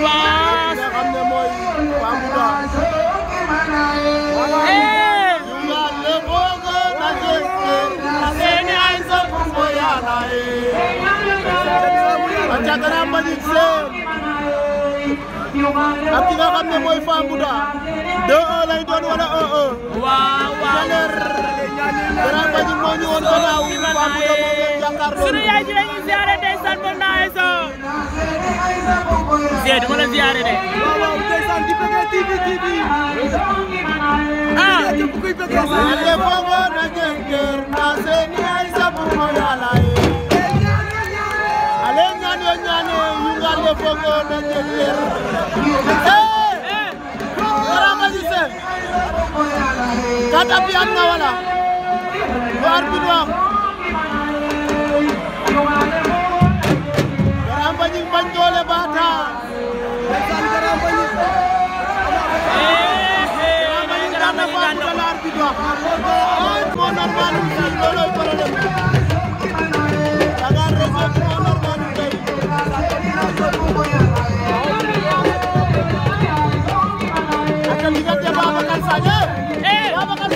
Baas nga xam ne mooy Bambouda eh la le bogo na je seni ay so ko ya la eh acha dara mbalit se ak ki nga xam ne mooy Bambouda 2-1 lay doon wala 1-1 waaw waaw Grand Mbagnick moo ñu woon gannaaw Bambouda moo leen jàkkaarloo sunu yaay ji lañuy ziare ndeysaan Zia dama la ziare de. waaw waaw ndeysaan di bëggee TV TV. ah. di bëggee bëggee sa. yàlla foofu na ngeen kër naa seen yaay sabu ma yàlla ye. ale ñaane ñaane yu nga le foofu na ngeen kër. Karama Guissé. kata bi am na wala. waar bi du am.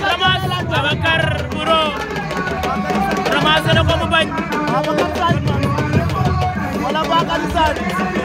ramas Babacar Buro ramas na ko mu bañ. wala Bakary Sané.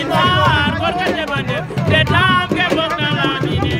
insa ar gorko demande te taam ke bokk na laa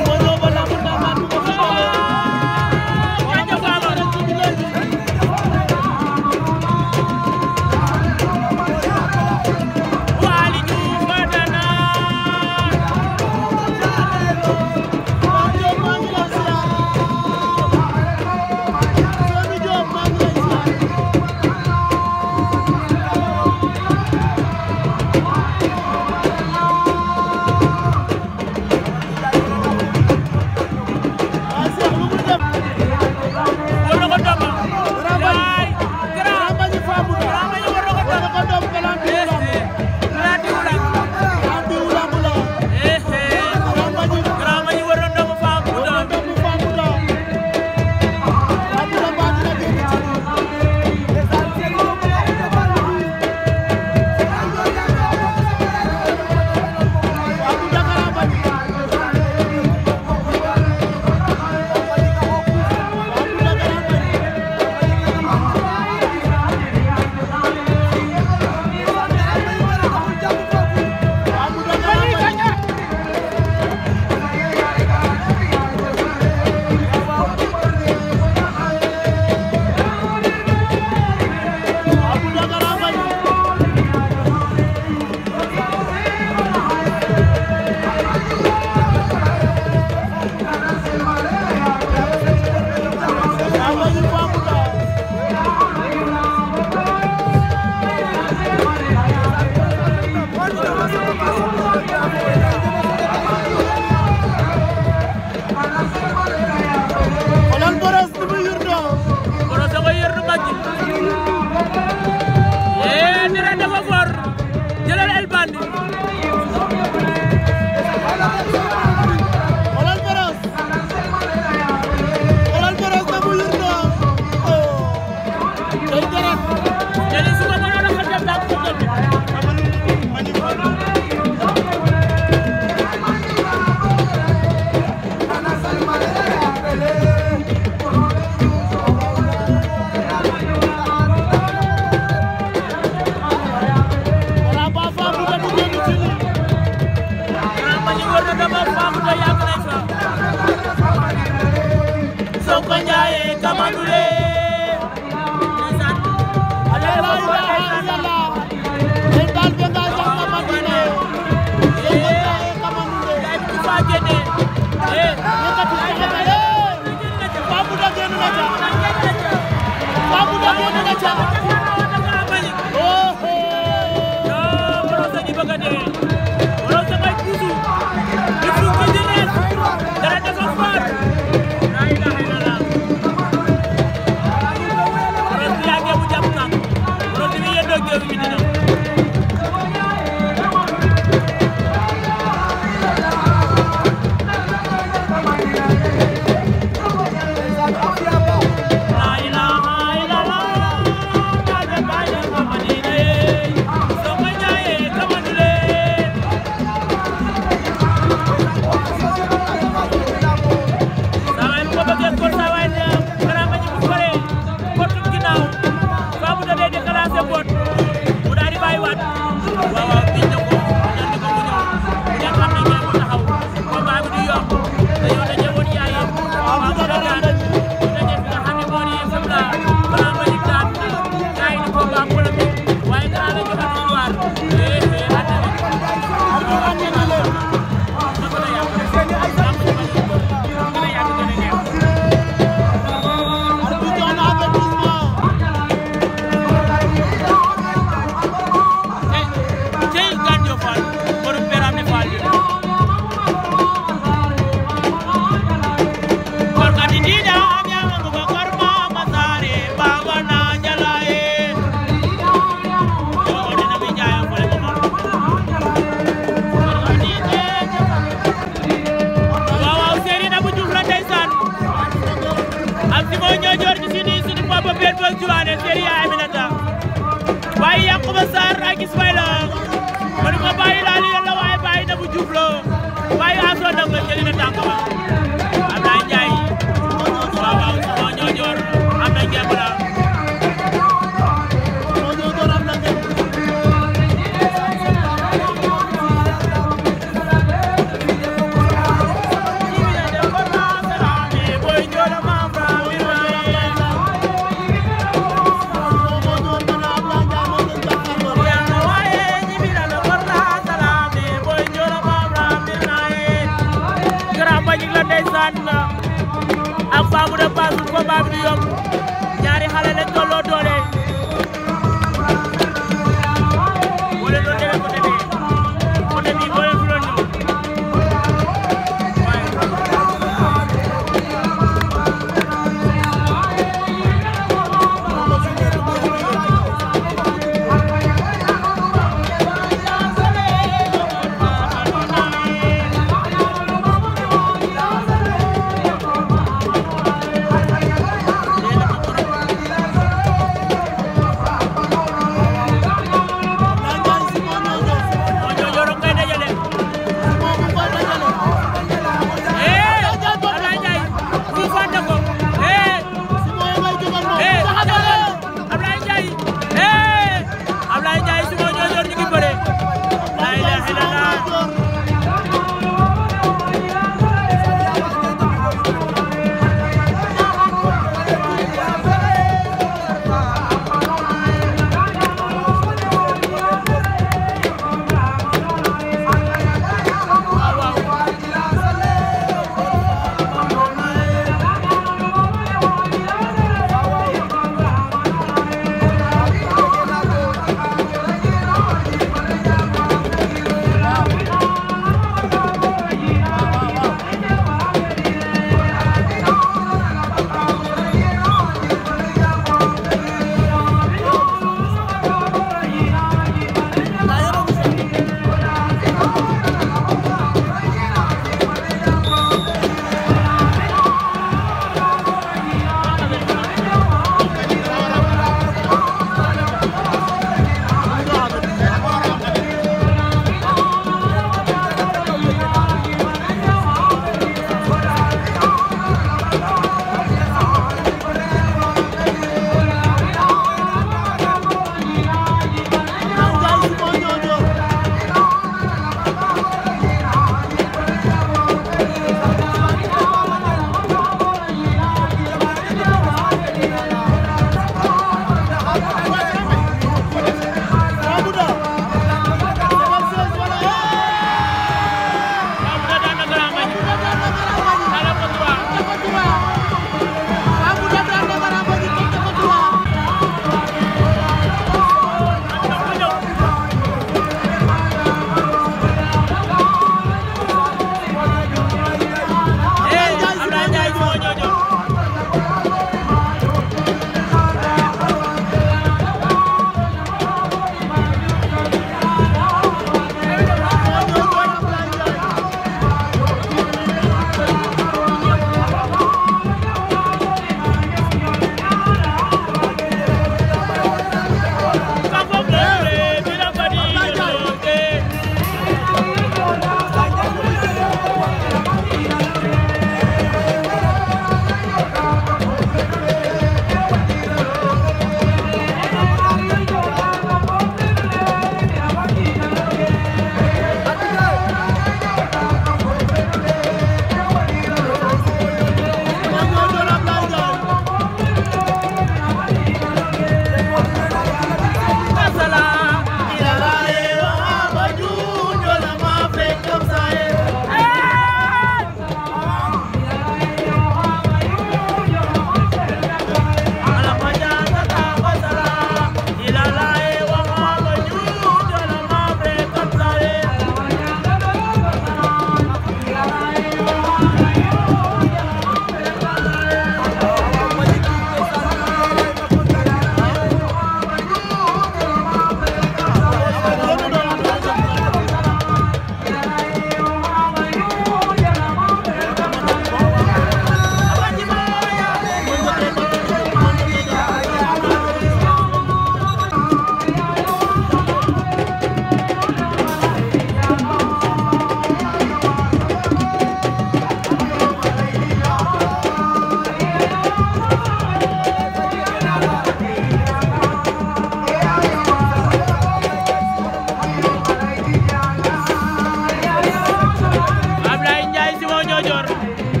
Bárbara.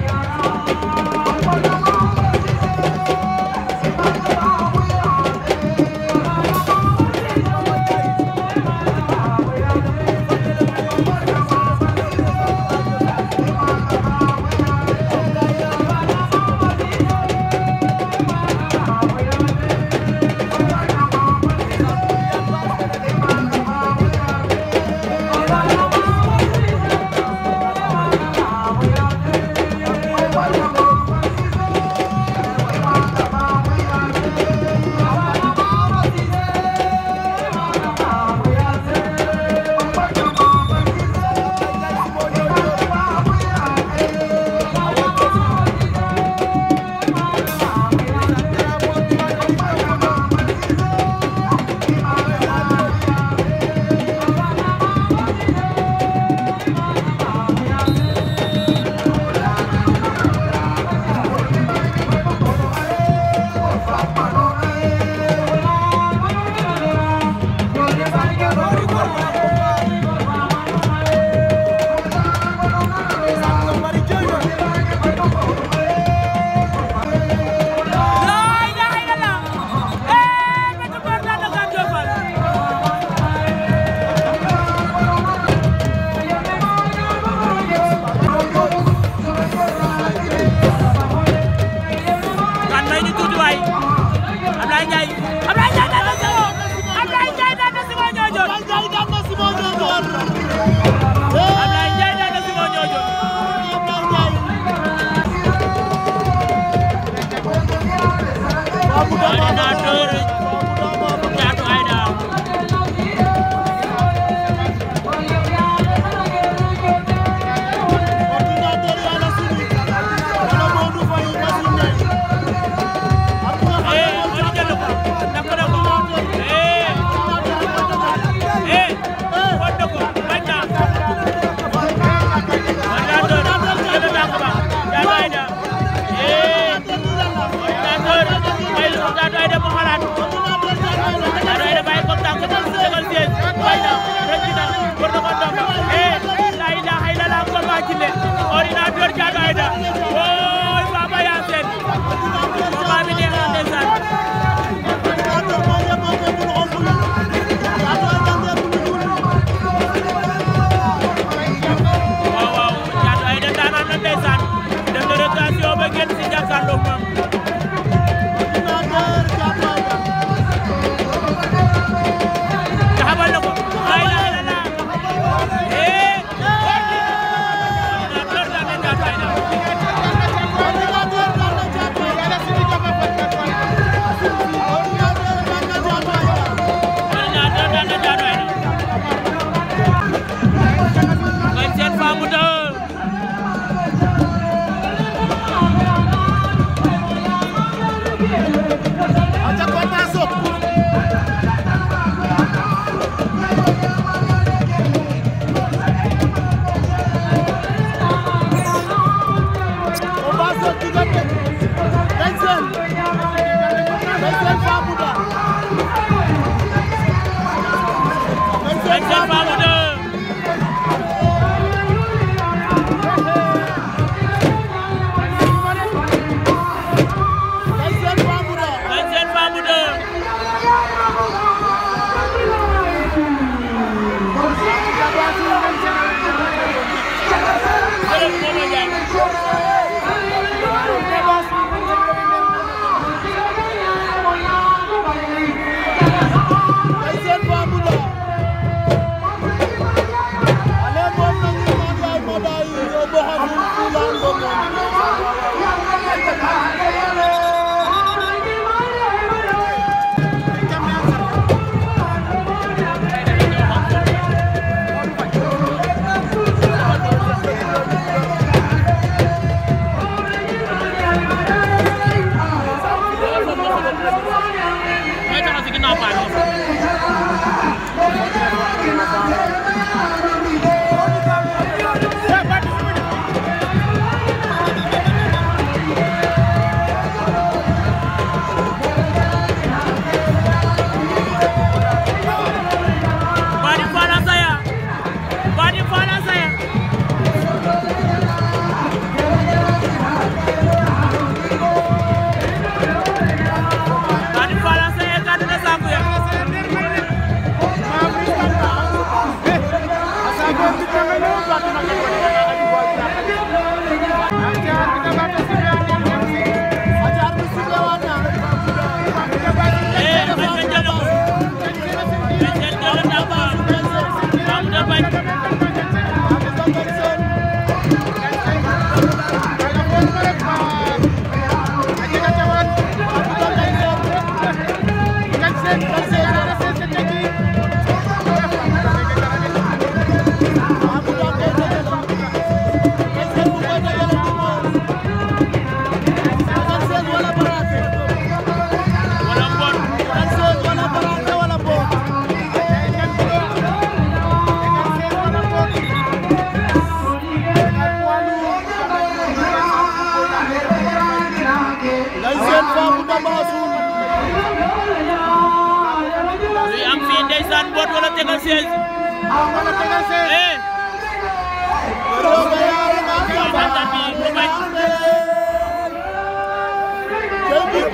Spider.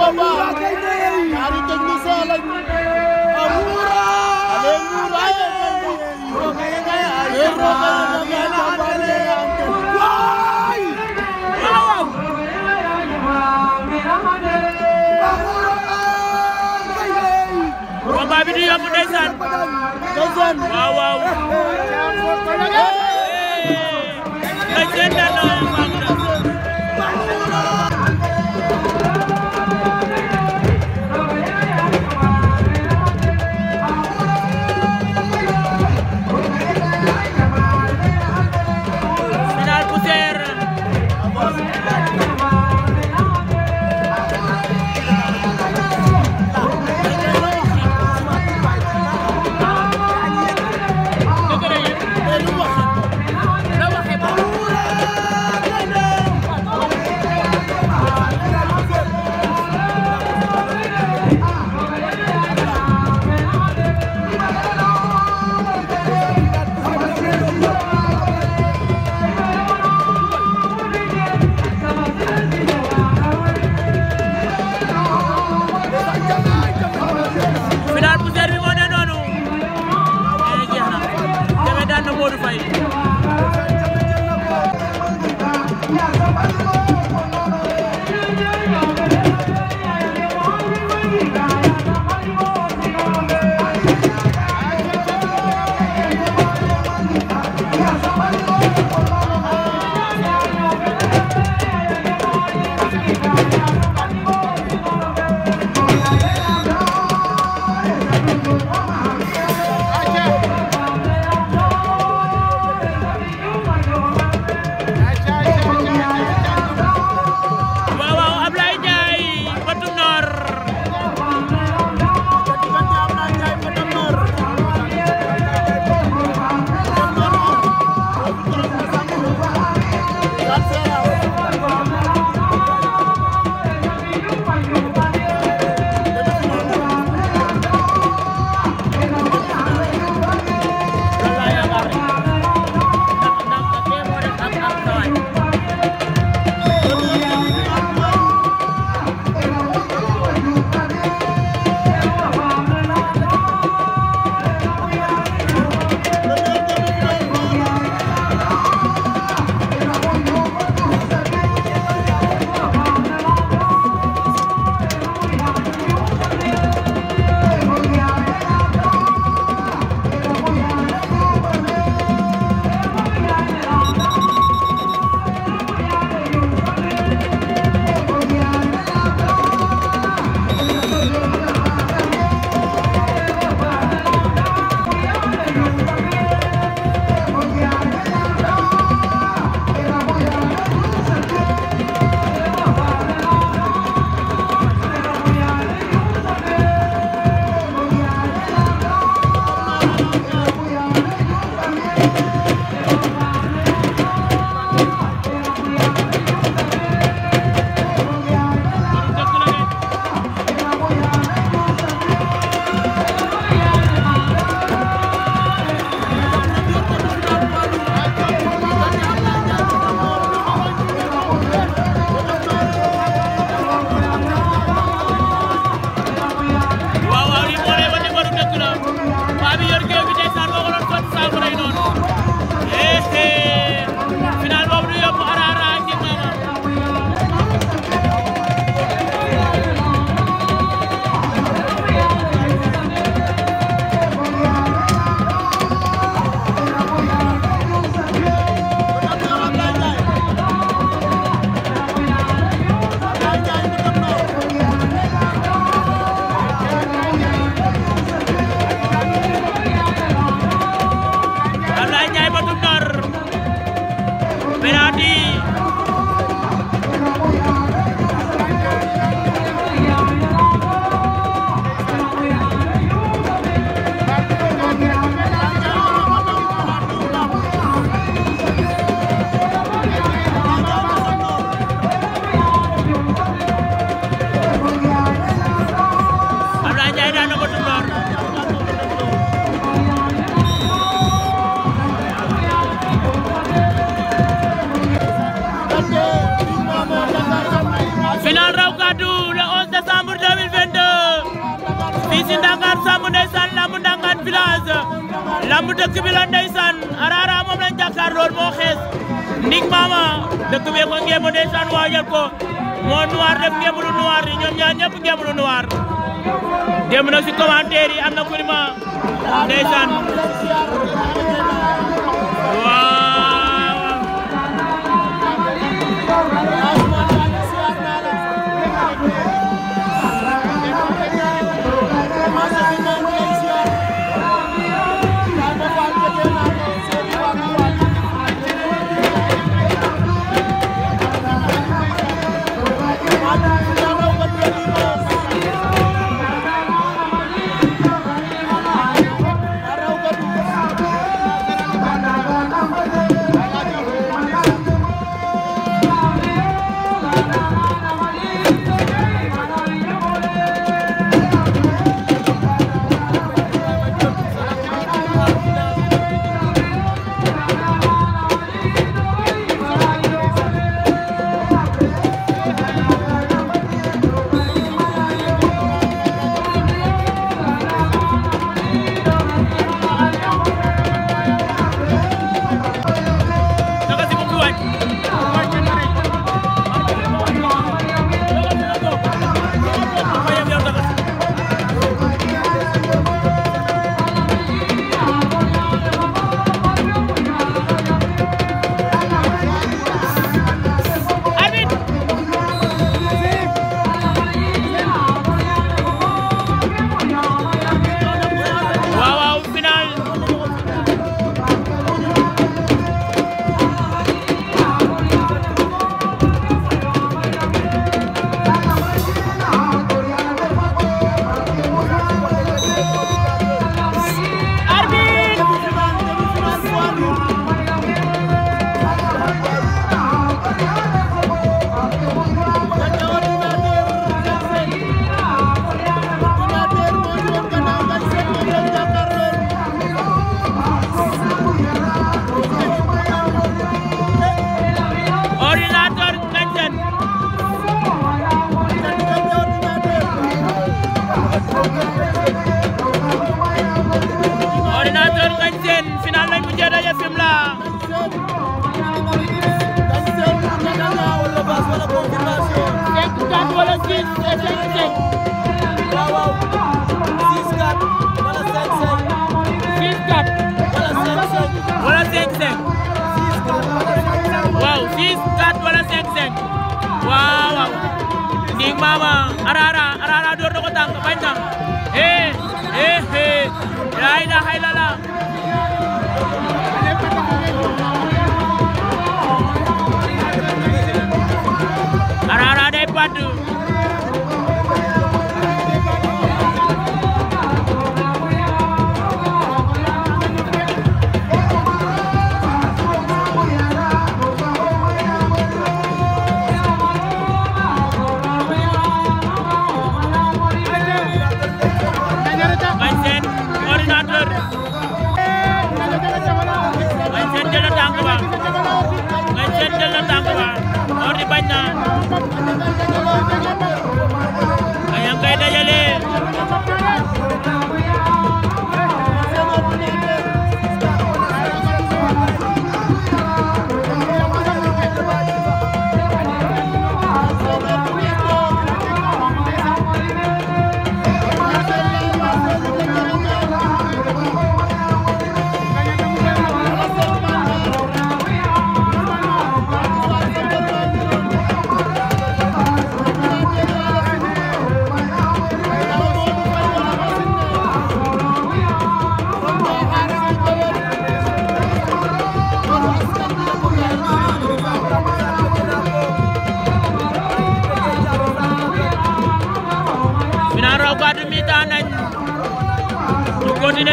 Wow! ari wow Fatou le 11 décembre 2022 fii si Ndangaan Samb ndeysaan lamb Ndangaan village lamb dëkk bi la ndeysaan Arara moom lañ jàkkaar lool moo xees Ning Mama dëkk bee ko ngéem ndeysaan waajal ko moo noir def ngéem lu noir yi ñoom ñaar ñëpp ngéem lu noir dem na si commentaire yi am na kurima ndeysaan banana.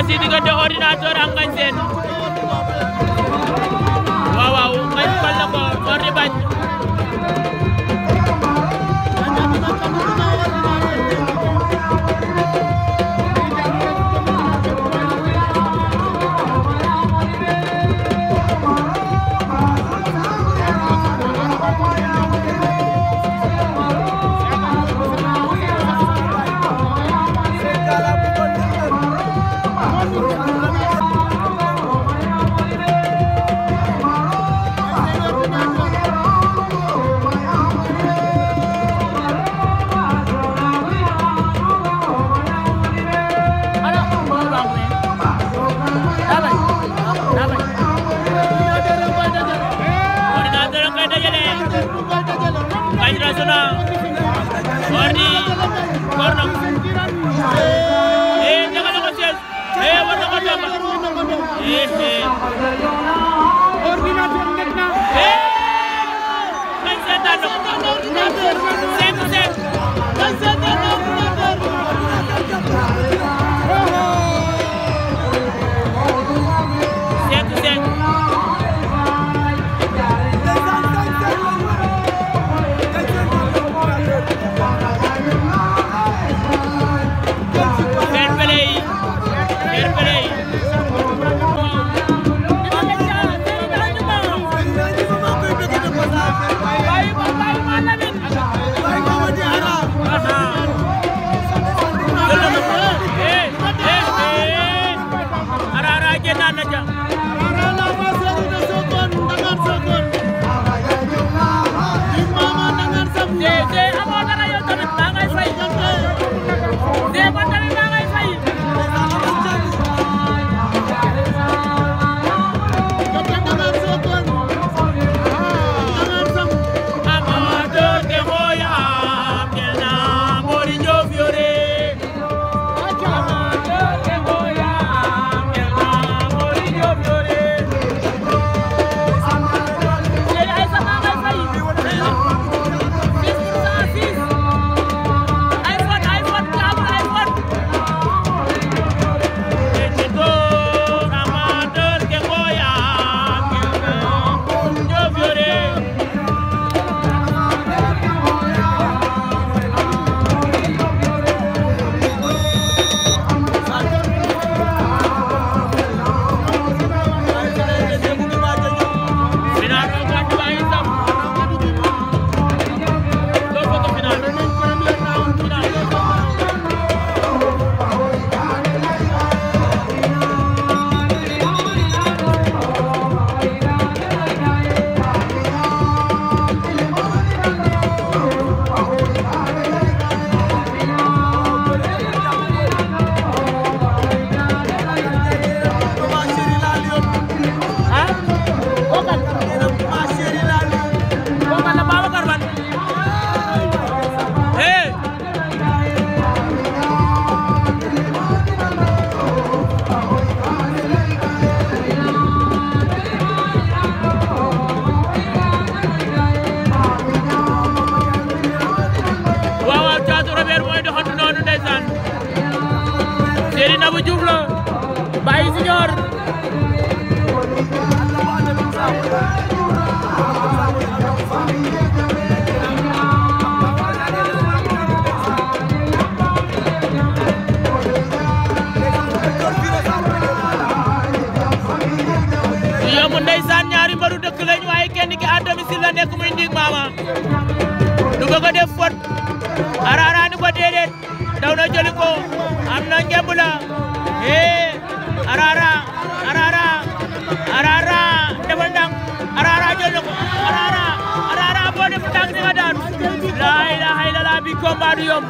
sidi ga de hori na Fama du bëgg a def fot araaraani ko déedéet daw na jëli ko am na ngemb la eh araara araara araara defal ndànk araara jël ko araara araara boo def ndànk di nga daanu laa ilaaha illallaah bi combat du yomb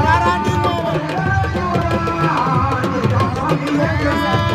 araara di moom